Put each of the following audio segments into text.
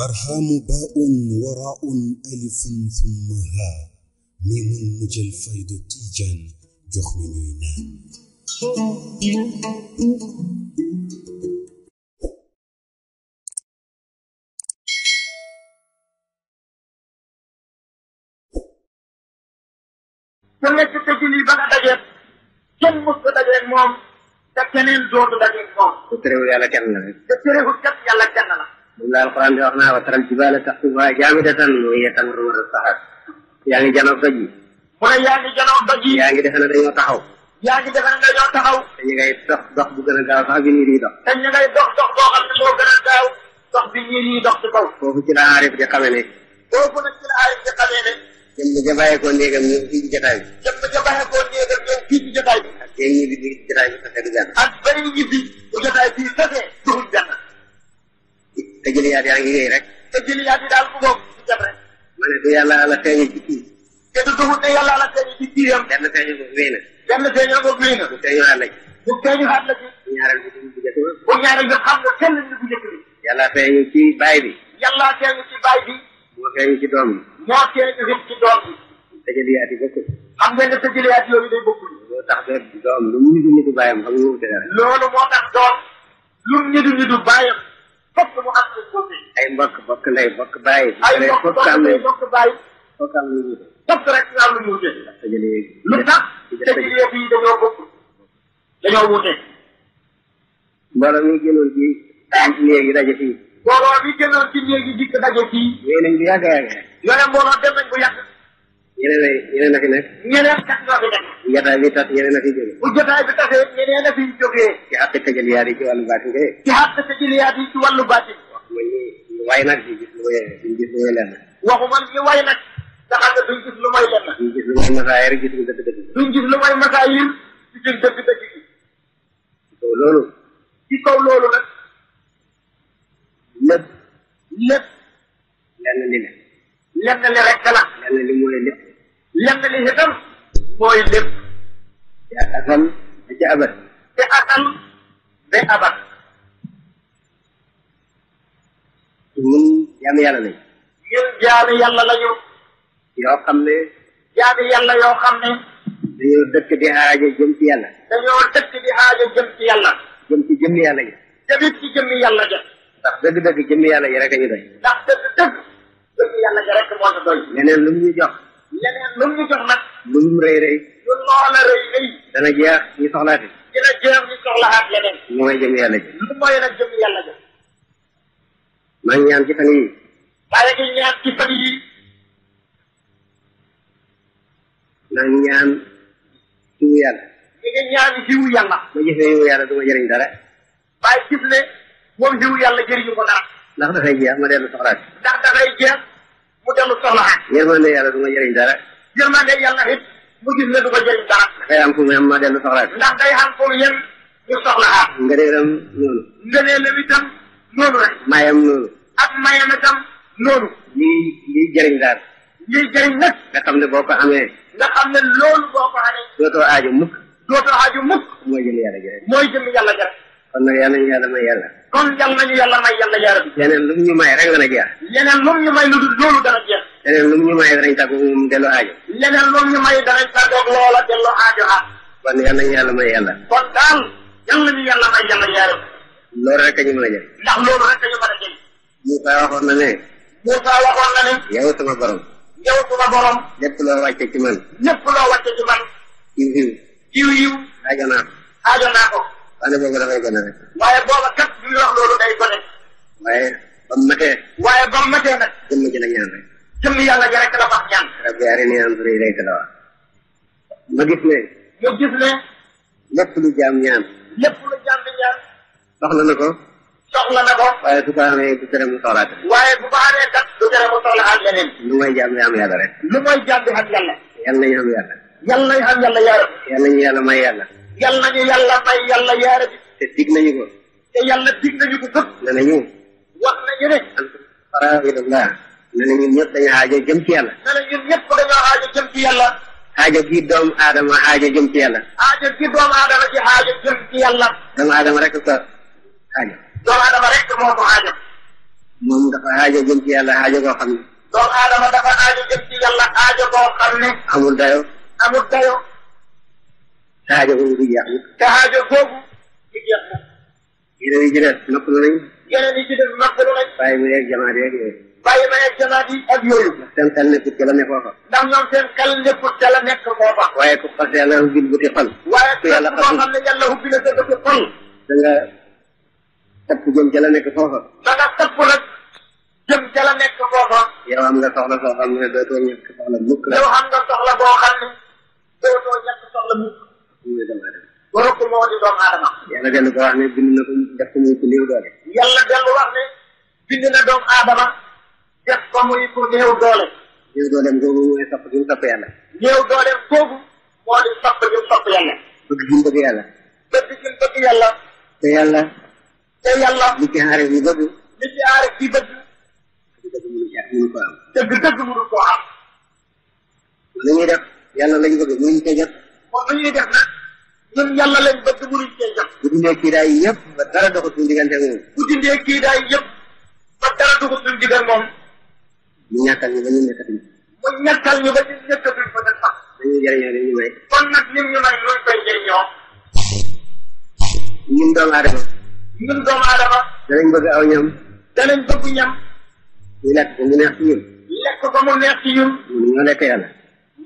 أرهام باء وراء ألف ثم هاء ميم مجل فيض تيجا جخم نينا كما تتجلي بلا بجر كم مستدجر موم تكنين زور بجر موم تتريه يالا كنن تتريه يالا كنن moom la alquran di wax naa wa taral jibaala taxsubuhaa jaamidatan mawiyatan ghamra sahaab yaa ngi janoog doj yi mu ne yaa ngi janoog doj yi yaa ngi defe ne dañoo taxaw yaa ngi defe ne dañoo taxaw te ñu ngay dox dox bu gën a gaaw sax bi niir yi dox te ñu ngay dox dox boo xam ne moo gën a gaaw dox bi niir yi dox ci kaw foofu ci la aarif di xamee ne foofu nag ci la aarif di xamee ne jëm ja bàyyeekoo néegam ñëw fii ci jotaay bi jëm ja bàyyeekoo néegam ñëw fii ci jotaay bi ak yéen ñibbi bi ci jotaay bi sase du benn ak bëri ñibbi bu jotaay bii sase duxul benn te jëliyaat yaa ngi yéey rek. te jëliyaat yi daal bu boobu bu jëm rek. ma ne du yàlla ala feeñu ci kii. te du dugub te yàlla ala feeñu ci kii yam. benn feeñu ko wéy na. benn feeñu ko wéy na. bu feeñu xaat la ci. bu feeñu xaat la ci. ñaareel bi du bu njëkk ba. bu ñaareel bi xam nga kenn du bu njëkk bi. yàlla feeñu ci baay bi. yàlla feeñu ci baay bi. moo feeñu ci doom bi. moo feeñu ci doom bi. te jëliyaat yi bokkul. xam nga ne te jëliyaat yooyu day bokkul. loolu tax doom lu mu nidu nidu bàyyam xam nga loolu moo tax doom lu mu nidu nidu bàyyam fokk mu am ko ay mbokk bokk ndey bokk bàyyi. ay mbokk bokk ndey bokk bàyyi. fokk am lu ñu wute. fokk rek am lu ñu wute. lu tax tëjee bi dañoo bokk dañoo wute. mbooloo mi gënoon ci néeg yi daje fii. mbooloo mi gënoon ci néeg yi dikk daje fii. yéen a ngi yàgg a yàgg. ñu ne mbooloo dem nañ bu yàgg. yeneen ay yeneen a fi nekk. ñeneen sax ñoo fi nekk. jotaay bi tas yeneen a fi jógee. bu jotaay bi tasee yeneen a fi jógee. ci àq tajaliyaat yi ci wàllu baatin de. ci àq tajaliyaat yi ci wàllu baatin. waxuma ñu waay nag di gis lu muy duñ gis lu muy lenn. waxuma ñu waay nag. nga xam ne duñ gis lu muy lenn. duñ gis lu muy masaayir gis lu dëgg-dëgg. duñ gis lu muy masaayir gis dëgg-dëgg gi. ci kaw loolu. ci kaw loolu nag. lépp. lépp. lenn li ne. lenn li rek la. lenn li mu ne lépp. nettali itam mooy lépp ci ak asal ba ci abat ci asal ba abat ñun jaami yàlla lañ ñun jaami yàlla lañu yoo xam ne jaami yàlla yoo xam ne dañoo dëkk di aajo jëm ci yàlla dañoo dëkk di aajo jëm ci yàlla jëm ci jëmmi yàlla ji jëmit ci jëmmi yàlla ja ndax dëgg-dëgg jëmmi yàlla ji rek a ñu doy ndax dëgg-dëgg jëmmi ja rek moo ñu doy leneen lu mu ñu jox leneen lu mu jox nag lu mu rëy rëy lu loola rëy rëy dana jeex ñu soxlaati jeex ñu mooy jëm yàlla ji lu mooy nag ñaan ci fan yii maa ngi ñaan ci fan yii maa ñaan jiwu yàlla ñi ngi ñaan jiwu yàlla ma gis ne jiwu yàlla du ma jëriñ dara waaye gis ne moom jiwu yàlla jëriñu ko dara ndax dafay jeex ma dellu soxlaati ndax dafay jeex mu dellu soxla xaaj. yërmande yàlla du ma jëriñ dara. yërmande yàlla it mu gis ne du ma jëriñ dara. dafay am fu mu yem ma dellu soxla ndax day am fu mu yem ñu soxla xaaj. ngëneelam noonu. ngëneelam itam noonu rek. mayam noonu. ak mayam itam noonu. lii lii jëriñ daal. lii jëriñ nag. nga xam ne boo ko amee. nga xam ne loolu boo ko amee. dootoo aaju mukk. dootoo aaju mukk. mooy jëm yàlla jërëjëf. mooy jëm yàlla jërëjëf. kon nag yàlla ñu yàlla may yàlla. kon yal nañu yàlla may yàlla yaa rabbi. leneen lu mu ñu may rek dana jeex. leneen lu mu ñu may lu dul loolu dana jeex. leneen lu mu ñu may danañ tàggu mu delloo aajo. leneen lu mu ñu may danañ tàggoog loola delloo aajo ah. kon yal nañu may yàlla. kon daal yal nañu may yàlla yaa rabbi. loolu rek a ñu mën a jël. ndax loolu rek a ñu mën a waxoon na ne. Moussa waxoon na ne. yow borom. yow sama borom. lépp loo wàcce ci man. lépp loo wàcce ci man. yiw yiw. année boobu dafay gën a waaye booba kat bi ñu wax loolu day gone. waaye ba matee. waaye ba matee nag. jëmm ji la ñaan rek. jëmm yàlla ji rek la wax ñaan. rabbi la wax. ma gis ne. ma gis ne. lépp lu jaam ñaan. lépp lu jaam di ñaan. soxla na ko. soxla na ko. waaye bu ko amee du tere mu soxlaat. waaye bu ko amee kat du tere mu soxlaat leneen. lu mooy jaam bi am yàlla rek. lu mooy jaam bi am yàlla. yàlla nañu yàlla may yàlla. yal nañu yàlla may yàlla yaare bi te dig nañu ko te yàlla dig nañu ko gëpp ne nañu wax nañu ne alfara ilallah ne na ñun ñëpp dañu aajo jëm ci yàlla ne na ñun ñëpp dañoo aajo jëm ci yàlla aajo gi doomu aadama aajo jëm ci yàlla aajo gi doomu aadama ci aajo jëm ci yàlla doomu aadama rek ko aajo doomu aadama rek moo ko aajo moom dafa aajo jëm ci yàlla aajo koo xam ne doomu aadama dafa aajo jëm ci yàlla aajo koo xam ne amul dayo amul dayo saxaaja boobu du jeex mukk. saxaaja boobu du jeex mukk. yeneen yi ci des noppalu nañ. yeneen yi ci des noppalu nañ. bàyyi ma yeeg jamaat yeeg yooyu. bàyyi ma yeeg jamaat yi ak yooyu. seen xel nekkul ca la nekk foofa. ndax ñoom seen xel nekkul ca la nekk foofa. waaye ku xas yàlla hubbil bu ti xol. waaye ku yàlla xamul xam ne yàlla hubbil la sa bëgg xol. da nga tapp jëm ca la nekk foofa. da nga tapp nag jëm ca la nekk foofa. yow am nga soxla soo xam ne dootoo ñàkk soxla mukk la. yow am nga soxla boo xam ne dootoo ñàkk soxla mukk muy doomu aadama. bu rëbb moo di doomu aadama. yàlla dellu ko wax ne bind na ko def ko muy ku néew doole. yàlla dellu wax ne bind na doomu aadama def ko muy ku néew doole. néew dooleem googu mooy sopp gi mu sopp yàlla. néew dooleem googu moo di sopp gi mu sopp yàlla. bëgg gi bëgg yàlla. bëgg gi bëgg yàlla. te yàlla. te yàlla. li ci aaree ñu bëgg. li ci aaree ci bëgg. dëgg mënu ko am. dëgg def yàlla lañ bëgg mënuñ ko jot. moom lu ñuy def nag. ñun yàlla lañ bëgg mënuñ cee jot. bu dindee kiidaay yëpp ba dara doxul suñu diggante moom. bu dindee kiidaay yëpp ba dara doxul suñu diggante moom. mu ñàkkal ñu ba ñu nekkatuñ. mu ñàkkal ñu ba ñu nekkatuñ fa nag sax. dañuy jëriñoo dañuy may. kon nag ñun ñu may luñ koy jëriñoo. ñun doomu aadama. ñun doomu aadama. danañ bëgg aw ñam. ko mu neex ci ñun. lekk ko mu neex ci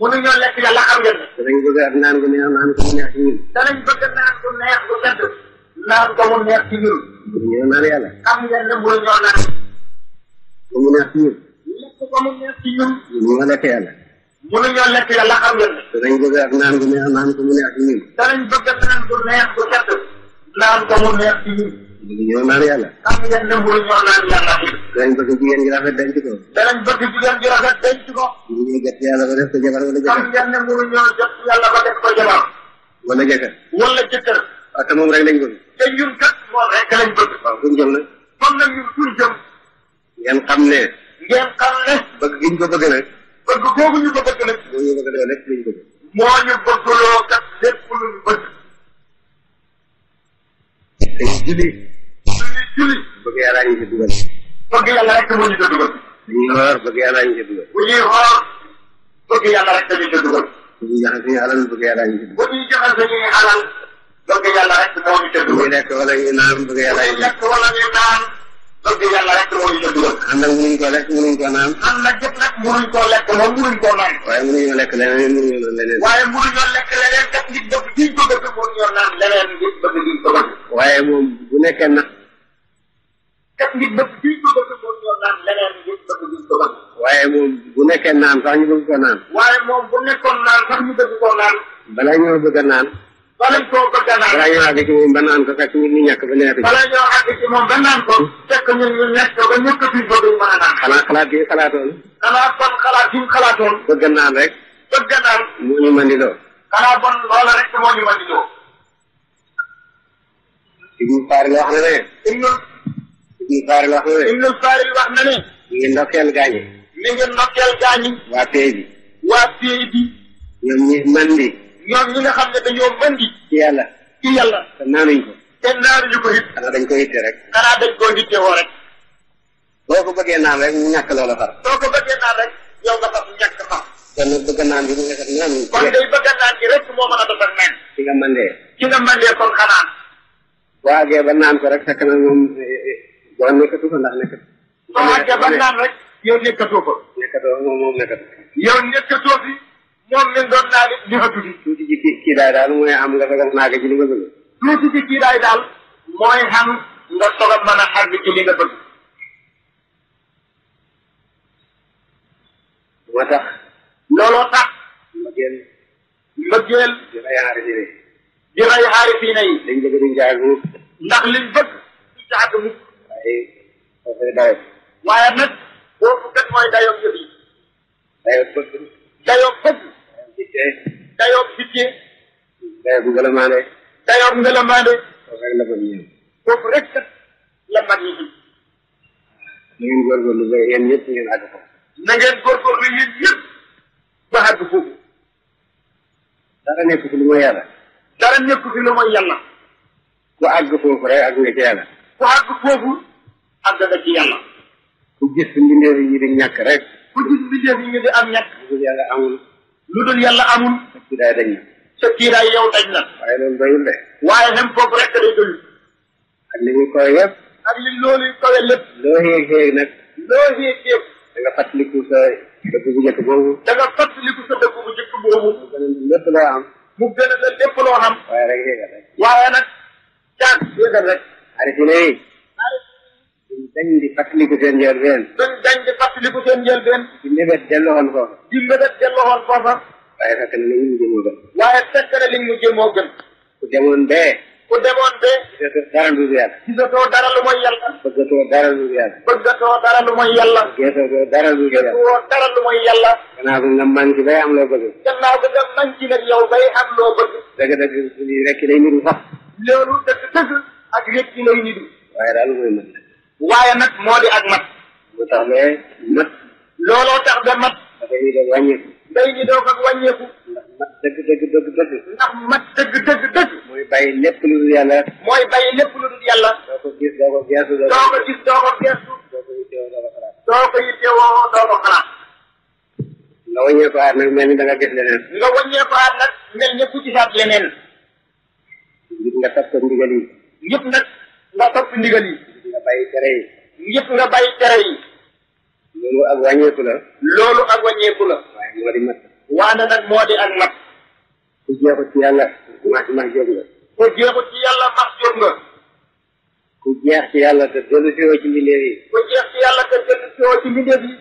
mënuñoo lekk yàlla xam ngeen. danañ bëgg a naan gu neex naan ko mu neex ci ñun. danañ bëgg a naan gu neex gu sedd. naan ko mu neex ci ñun. mënuñoo naan yàlla. xam ngeen ne mënuñoo naan. ko mu neex ci ñun. lekk ko mu neex ci ñun. mënuñoo lekk yàlla. mënuñoo lekk yàlla xam ngeen. danañ bëgg a naan gu neex naan ko mu neex ci ñun. danañ bëgg a naan gu neex gu sedd. naan ko mu neex ci ñun. mënuñoo naan yàlla. xam ngeen ne mënuñoo naan yàlla. danañ bëgg jigéen ji rafet denc ko. danañ bëgg jigéen ji rafet denc ko. bu ñu jot yàlla ba def ko jabar wala jëkkër. xam ngeen ne mënuñoo jot yàlla ba def ko jabar. wala jëkkër. wala jëkkër. waaw ah, te moom rek lañ bëgg. te ñun kat moom rek lañ bëgg. waaw fu ñu jëm nag. kon nag ñun fu ñu jëm. ngeen xam ne. ngeen xam ne. bëgg gi ñu ko bëgg nag. bëgg googu ñu ko bëgg nag. moo ñu bëgg loo nekk luñ bëgg. moo ñu bëgg loo kat lépp luñ bëgg. te julli. julli julli. bëgg yàlla ñu ci dugal. bëgg yàlla rek moo ñu ca dugal. bu ñuy xool bëgg yàlla bu ñuy xool bëgg yàlla rek dañu ca dugal. bu ñuy jaxal suñu alal bëgg yàlla ñu ca dugal. lekk lekk lekk munuñ koo naan. ko bëgg munuñoo naan leneen nit bëgg diñ bu nekkee kat nit bëgg fii ko bëgg moom ñoo naan leneen nit bëgg duñ ko bëgg. waaye moom bu nekkee naan sax ñu bëgg ko naan. waaye moom bu nekkoon naan sax ñu bëgg ko naan. balaa ñoo bëgg a naan. bala koo bëgg a naan balaa ñoo àgg ci moom ba naan ko fekk ñun ñu ñàkk ba nekk. balaa ñoo àgg ci moom ba naan ko. fekk ñun ñu ñàkk ba ñëkk fi ba duñ mën a naan. xanaa xalaat yi xalaatoon. xanaa kon xalaat yi xalaatoon. bëgg a naan rek. bëgg a naan. moo ñu mën di loo. xanaa bon loola rek moo ñu mën di loo. Ibnu Faari la wax ne ne. Ibnul Faaril wax na ne. Ibnul Faaril wax na ne. mi ngi ndokkeel gaañi. mi waa pay bi. waa pay bi. ñoom ñi mën di. ñoom ñi nga xam ne dañoo mën di. ci yàlla. ci yàlla. te naanuñ ko. te naanuñu ko it. xanaa dañ ko itte rek. xanaa dañ koo itte rek. boo ko bëggee naan rek mu ñàkk loola far. boo ko bëggee naan rek yow nga far ñàkk far. kon nag bëgg naan bi mu ngi sax naan. kon day bëgg naan bi rek moo mën a defar naan. ci nga mandee. ci nga mandee kon rek waaw nekkatu fa ndax nekkatu. waaw ca ba naan yow nekkatoo fa. moom moom nekkatu. yow nekkatoo fi moom mi doon naa li fa tuuti. tuuti kii kii daal mooy am nga soog naa ko ci nga bëgg. tuuti ci kii daal mooy xam nga soog a mën a xar bi ci nga bëgg. moo tax. looloo tax. mbëggeel. mbëggeel. di rey xaarifiina yi. di yi. dañ bëgg duñ jaay ndax liñ bëgg du jaag mukk koy soo koy dayoo. waaye nag boobu kat mooy dayoo yëf yi. bëgg. dayoo bëgg. dayoo dikkee. dayoo dikkee. dayoo ngelamaane. dayoo rek la ko ñëw. foofu rek kat la mag yi. na ngeen góorgóorlu foofu. na ngeen góorgóorlu yéen ba àgg foofu. dara nekk fi lu mooy yàlla. dara nekk fi lu mooy yàlla. ku àgg foofu rek àgg nga ci yàlla. ku àgg foofu. àgg na ci yàlla. ku gis mbindeef yi di ñàkk rek. ku gis mbindeef yi di am ñàkk. lu dul yàlla amul. lu dul yàlla amul. sa kiiraay dañ na. sa kiiraay yow dañ na. waaye loolu doyul de. waaye même foofu rek day doyul. ak li muy koy yëpp. ak li loolu yi koy lépp. loo yéeg yéeg da nga fàttaliku sa dëkk bu njëkk a lépp loo am. mu gën a lépp loo am. waaye rek yéegal rek. waaye nag caag yéegal rek. xarit yi dañ di fàttaliku seen njëlbeen. dañ dañ di fàttaliku seen njëlbeen. di mébét delloo woon foofa. di mébét delloo woon foofa. waaye fekk na li mu jëmoo gën. waaye fekk na li mu jëmoo gën. ku demoon bee. ku demoon bee. gisatoo dara lu yàlla. gisatoo dara lu mooy yàlla. bëggatoo dara lu yàlla. bëggatoo dara lu mooy yàlla. gisatoo dara lu yàlla. gisatoo dara lu mooy yàlla. gannaaw bi nga manqué bay am loo bëgg. gannaaw bi nga manqué nag yow bay am loo bëgg. dëgg-dëgg lii rek lay niru sax. loolu dëgg-dëgg. ak rek lay niru. waaye daal mooy mën. waaye nag moo di ak mat. mu tax mais mat. looloo tax ba mat. dafay ñu doog wàññeeku. day ñu doog ak wàññeeku. ndax mat dëgg dëgg dëgg dëgg. ndax mat dëgg dëgg dëgg. mooy bàyyi lépp lu dul yàlla. mooy bàyyi lépp lu dul yàlla. doo ko gis doo ko geesu. doo ko gis doo ko geesu. doo ko yittewoo doo ko xalaat. doo ko yittewoo doo ko xalaat. nga wàññeeku aat nag mel ni da nga gis leneen. nga wàññeeku aat nag mel ni ku gisaat leneen. ngir nga topp ndigal yi. ñëpp nag nga topp ndigal yi. bàyyi tere yi yëpp nga bàyyi tere yi loolu ak wàññeeku la loolu ak wàññeeku la waaye moo di mat waana nag moo di ak mat ku jeexut ci yàlla max max jóg nga ku jeexut ci yàlla max jóg nga ku jeex ci yàlla te dellu si woo ci mbindeef yi ku jeex ci yàlla te dellu si ci mbindeef yi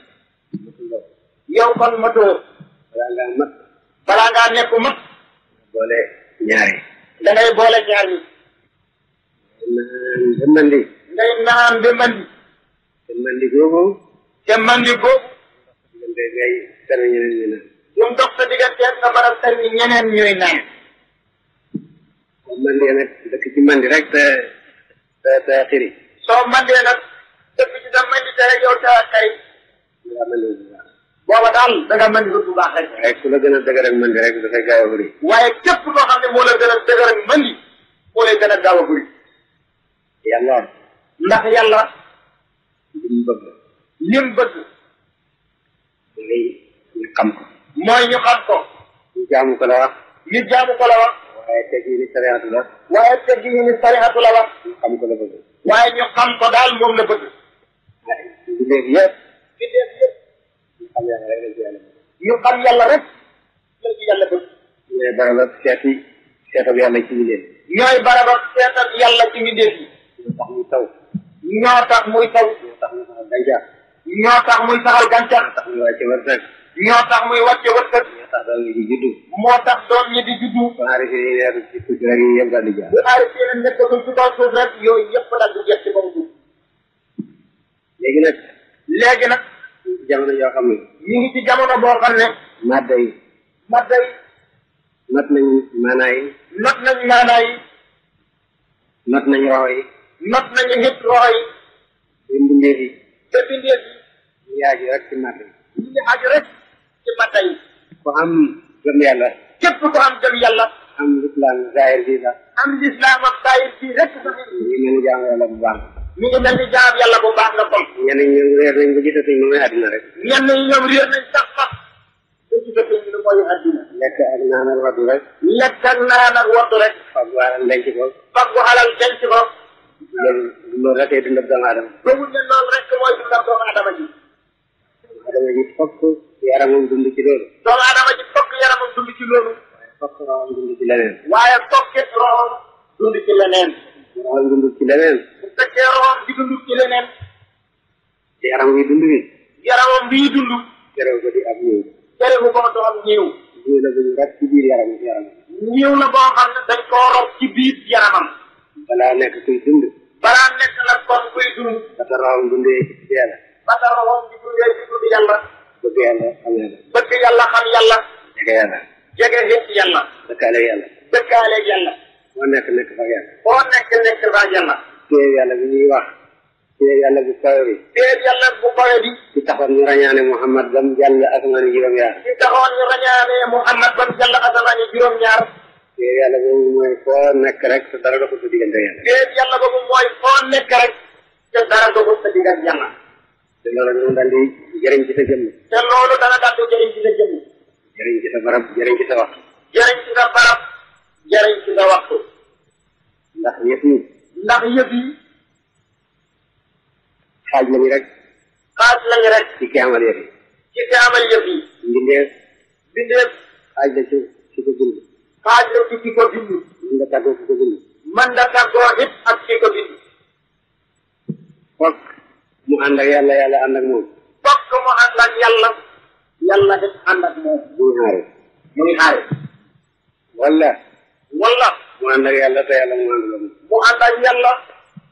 yow kon matoo balaa ngaa mat balaa ngaa nekk mat boole ñaari da ngay boole ñaari naan mandi day naan ba mandi. te mandi googu. te mandi googu. man de ngay tane ñeneen ñi naan. ñoom dox sa digganteel sa barab tane ñeneen ñooy naan. soo mandee nag dëkk ci mandi rek te te te xiri. soo mandee nag dëkk ci sa mandi te rek yow te xari. yaa mandi bu baax. booba daal da nga mandi bu baax rek. waaye ku la gën a dëgër ak mandi rek dafay gaaw a bëri. waaye képp koo xam ne moo la gën a dëgër ak mandi moo lay gën a gaaw a bëri. yàlla. ndax yàlla lim bëgg lim bëgg mooy ñu xam ko la wax ñu jaamu ko la wax waaye teg yi ni sarihatu la waaye teg yi ni sarihatu la wax ñu xam ko la bëgg waaye ñu xam ko la rek la yàlla ñu la ci yàlla ñoo tax muy taw. ñoo tax muy taw. ñoo tax muy saxal gàncax. ñoo tax muy saxal gàncax. ñoo tax muy wàcce wërsëg. ñoo tax muy wàcce wërsëg. ñoo tax doom ñi di juddu. moo tax doom ñi di juddu. bu aarifee yi leer ci suuf rek yi yëpp daal di jaar. bu aarifee yi nekkatul ci kaw suuf rek yooyu yëpp daal di jeex ci kaw suuf. léegi nag. léegi nag. jamono yoo xam ne. ñu ngi ci jamono boo xam ne. madda yi. madda yi. not nañ maanaa yi. not nañ maanaa yi. not nañ roxo yi. not na nit roxo yi te mbindeef yi te mbindeef yi ñu yaaju rek ci matta yi ñu yaaju rek ci matta yi ku am gëm a képp ku am am lislaam zahir la am lislaam ak zahir bi rek sax ñu ngi mel ni jaam yàlla bu baax ñu ngi mel ni baax nga kon ñenn ñi ñoom réer nañ ba gisatuñ lu mooy àddina rek ñenn ñi ñoom réer nañ sax sax lekk ak naan ak rek lekk ak naan ak rek faggu alal denc ko faggu alal denc ko loolu loolu rek ay dundal doomu aadama. loolu ne loolu rek mooy dundal doomu aadama ji. doomu aadama ji fokk yaramam dund ci loolu. doomu aadama ji fokk yaramam dund ci loolu. waaye fokk roxam dund ci leneen. waaye fokk roxam dund ci leneen. roxam dund ci leneen. bu fekkee roxam di dund ci leneen. yaram wi dund wi. yaramam bii dund. jërëw ko di am ñëw. jërëw ko boo doon ñëw. ñëw la ba ñu rab ci biir yaram yaram. ñëw la boo xam ne dañ koo rob ci biir yaramam. balaa nekk kuy dund. balaa nekk nag kon kuy dund. bata rawam dundee ci yàlla. bata rawam di dundee ci tudd yàlla. bëgg yàlla xam yàlla. bëgg yàlla xam yàlla. jege yàlla. jege xëcc yàlla. dëkkaale yàlla. dëkkaale yàlla. boo nekk nekk fa yàlla. boo nekk nekk fa yàlla. téye yàlla bi ñuy wax. téye yàlla bu kawe bi. téye yàlla bu kawe bi. ci taxoon ñu rañaane Muhammad ba mu jàll asamaani juróom-ñaar. ci taxoon ñu rañaane Muhammad ba mu jàll asamaani juróom-ñaar. téer yàlla boobu mooy foo nekk rek te dara doxul sa diggante yàlla. téer yàlla boobu mooy foo nekk rek te dara doxul sa diggante yàlla. te loolu dana daal di jëriñ ci sa jëmm. te loolu dana daal di jëriñ ci sa jëmm. jëriñ ci sa barab jëriñ ci sa waxtu. jëriñ ci sa barab jëriñ ci sa waxtu. ndax yëf yi. ndax yëf yi. xaaj lañu rek. xaaj lañu rek. ci ki amal yëf yi. ci ki amal yëf yi. mbindeef. mbindeef. xaaj la ci ci ko bind. page la ci ki ko bind. man da tàggoo ki ko bind. man da tàggoo it ak ki ko bind. fokk mu ànd ak yàlla yàlla ànd ak moom. fokk mu ànd ak yàlla. yàlla it ànd ak moom. muy xaare. muy xaare. wala. wala. mu ànd ak yàlla te yàlla mu ànd ak moom. mu ànd ak yàlla.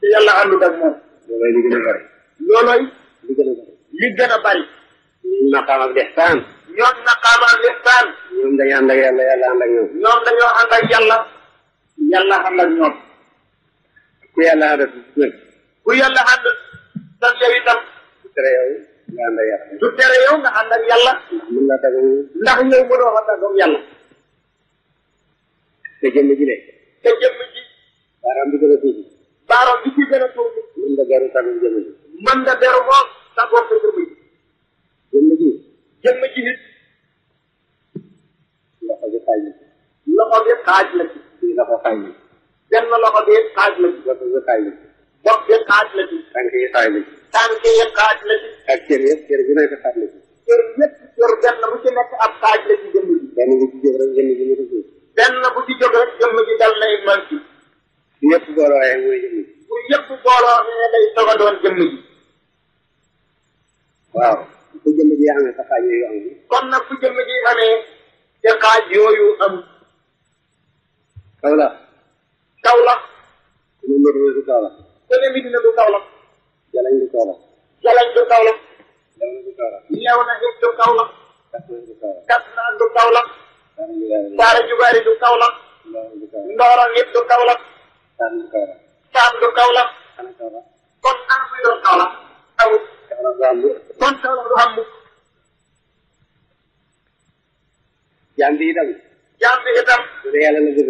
te yàlla àndut ak moom. loolooy li gën a bari. loolooy. li gën a bari. li gën a bari. maqaam ak dextaan. ñoom naqaamal lisaan. ñoom dañu ànd ak yàlla yàlla ànd ak ñoom. ñoom dañoo ànd ak yàlla. ku yàlla ànd ak nag. ku yàlla ànd ak yow itam. tere yow nga ànd ak yàlla. du tere yow nga ànd ak yàlla. mën naa tàggatoo. ndax yow mënoo fa tàggatoo yàlla. te jëmm ji ne. te jëmm ji. baaraam bi gën a tuuti. baaraam bi ci gën a tuuti. nga beru tàggu jëmm ji. mën nga beru moom tàggoo ko jëmm jëmm ji. jëmm ci nit loxo bi xaaj la ci loxo bi xaaj la ci si loxo xaaj la ci benn loxo bi xaaj la ci loxo bi xaaj la ci bopp bi xaaj la ci tànk yi xaaj la ci tànk yi xaaj la ci ak yëpp cër benn bu ci nekk ab xaaj la ci jëmm ji benn bu ci jóg rek jëmm ji benn bu ci jóg rek jëmm ji dal lay man ci yëpp booloo mooy jëmm ji bu yëpp booloo lay soog jëmm ji waaw bu jëm ji amé taxaaj yooyu am kon nag bu jëm ji amé taxaaj yooyu am kawla kawla ñu mbir du kawla ko ne mi dina du kawla jalañ du kawla jalañ du kawla ñew na du kawla ñew du kawla kat na du du kawla ndoro nit du kawla tan du kawla tan du kawla kon kawla kon sala du am mukk jaam bi itam jaam bi itam bu dee yàlla la bëgg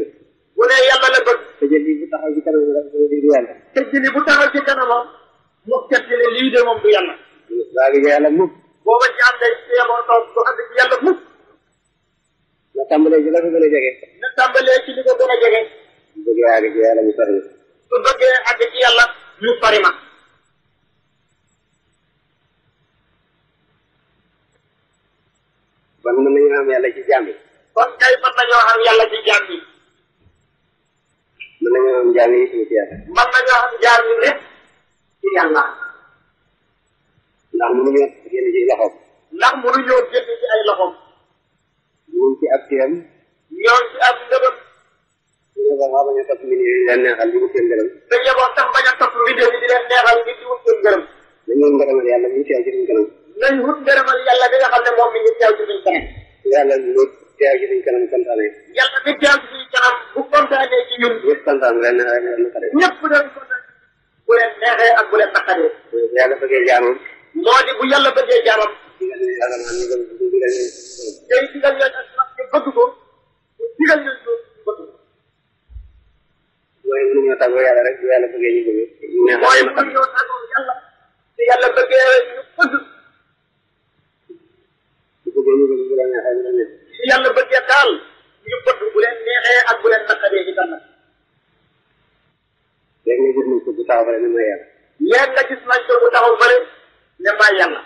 bu dee yàlla la bëgg tëjëli bu taxaw ci kanam lii du bu taxaw ci kanamam lii de moom du yàlla waa gi yàlla mukk booba jaam day teemoo toog na tàmbalee ci la ko gën a jege na tàmbalee ci li ko gën a jege su bëggee àgg ci yàlla mu sori ma ma kon mën nañu xam yàlla ci kay mën nañoo xam yàlla ci jaam yi. mën nañoo xam jaam yi ci yàlla. mën nañoo xam jaam yi lépp ci yàlla. ndax mënuñoo génn ci loxoom. ndax mënuñoo génn ci ay loxoom. ñooñu ci ab téem. ñooñu ci ab ndëbëm. ñu ne ko xaw ma ñu topp mbir yi di leen neexal di wut seen gërëm. dañu yeboo sax bañ a topp mbir yi di leen neexal di wut nañ wut gërëmal yàlla bi nga xam ne moom mi ngi teew ci mi ngi kanam kontaanee. yàlla mi teew ci suñ kanam kontaanee ci ñun. ñëpp kontaan ren rek la ñu xaree. ñëpp doon kontaan bu leen neexee ak bu leen naqaree. bu yàlla bëggee jaamam. moo bëggee ñu yàlla naan ñu ñu bëgg ko digal ñu ko. mooy mënuñoo ñu bëgg. mooy bëggee daal ñu bëgg bu leen neexee ak bu leen naqaree ci kanam. léegi nga gis nañ ko bu taxaw fële ne ma yàlla. léegi nga gis nañ ko bu taxaw fële ne ma yàlla.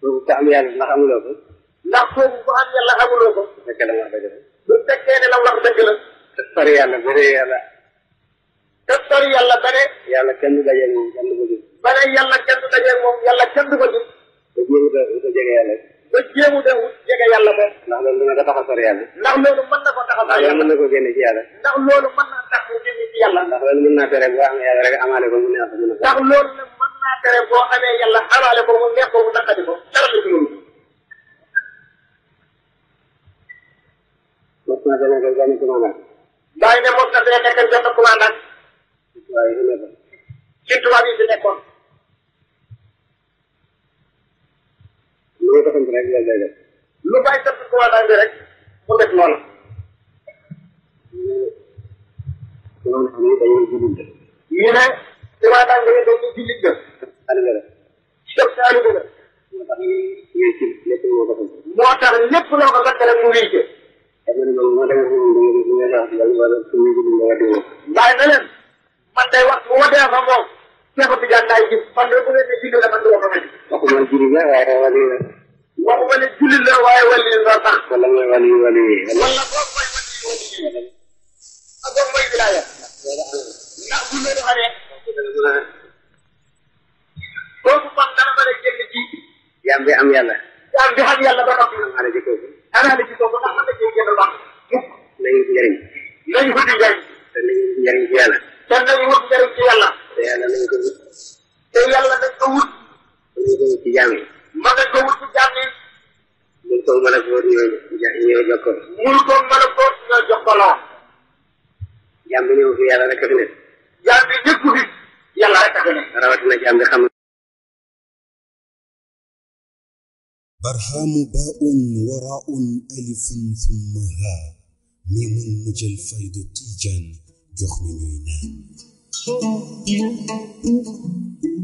boobu ko am yàlla ndax amuloo ko. ndax boobu ko am yàlla amuloo ko. bu fekkee la wax dëgg la. bu fekkee ne la wax dëgg la. te sori yàlla bëre yàlla. te sori yàlla bëre. yàlla kenn du dajeeg moom kenn du ko gis. bëre yàlla kenn du dajeeg moom yàlla kenn du ko gis. te jéem ko jege yàlla. ba jéemu dawut jege yàlla moom. ndax loolu dina ko tax a sori yàlla. ndax loolu mën na ko tax a sori yàlla. ndax loolu mën na ko génne ci yàlla. ndax loolu mën naa tax mu génne ci yàlla. ndax loolu mën naa tere boo amee yàlla rek amaale ko mu neex ko. ndax loolu nag mën naa tere boo amee yàlla amaale ko mu neex ko mu naqadi ko dara du ci loolu. mos naa demee ko benn commandant. bàyyi ne mos na demee nekk benn commandant. ci tubaab yi fi nekkoon. ci tubaab yi fi nekkoon. lu ko sant rek loolu day def lu bàyyi sant commandant bi rek mu def noonu commandant bi dañuy jullit ñu ne commandant bi dañuy jullit la taalibe la chef taalibe la moo tax wéy ci lépp loo ko sant moo tax lépp loo ko sant rek mu wéy ci xam nga moom moo demee ñu ngi wax wala suñu jullit la déglu bàyyi na leen man day wax bu ma dee fa moom Cheikh Tidiane laay gis man de bu leen ne jullit la man du ma ko may waxuma jullit la waaye wax wala jullit la waaye wali la sax. wala mooy wali wali wala boog mooy wali wali ak boog mooy wilaaya ndax bu loolu xamee. kooku kon dana mën a jënd ci. jaam bi am yàlla. jaam bi xam yàlla ba noppi. xanaa ci kooku. xanaa ci kooku ndax mën na cee jënd baax. mukk nañu ci njëriñ. nañu ko di njëriñ. te nañu ci njëriñ ci yàlla. te nañu wut njëriñ ci yàlla. te yàlla nañu ko wut. te yàlla nañu ko wut. nañu ko wut ci jaam yi. mulkoog malakoot ñooy ñooy jokkoo. mulkoog malakoot ñooy jokkaloo. jàmm ñëw fi yàlla rek a fi nekk. jàmm bi ñëpp fi yàlla rek a fi nekk. rawatina jàmm bi xam. برهام باء وراء ألف ثم هاء ميم مجل فيض تيجان جخن نام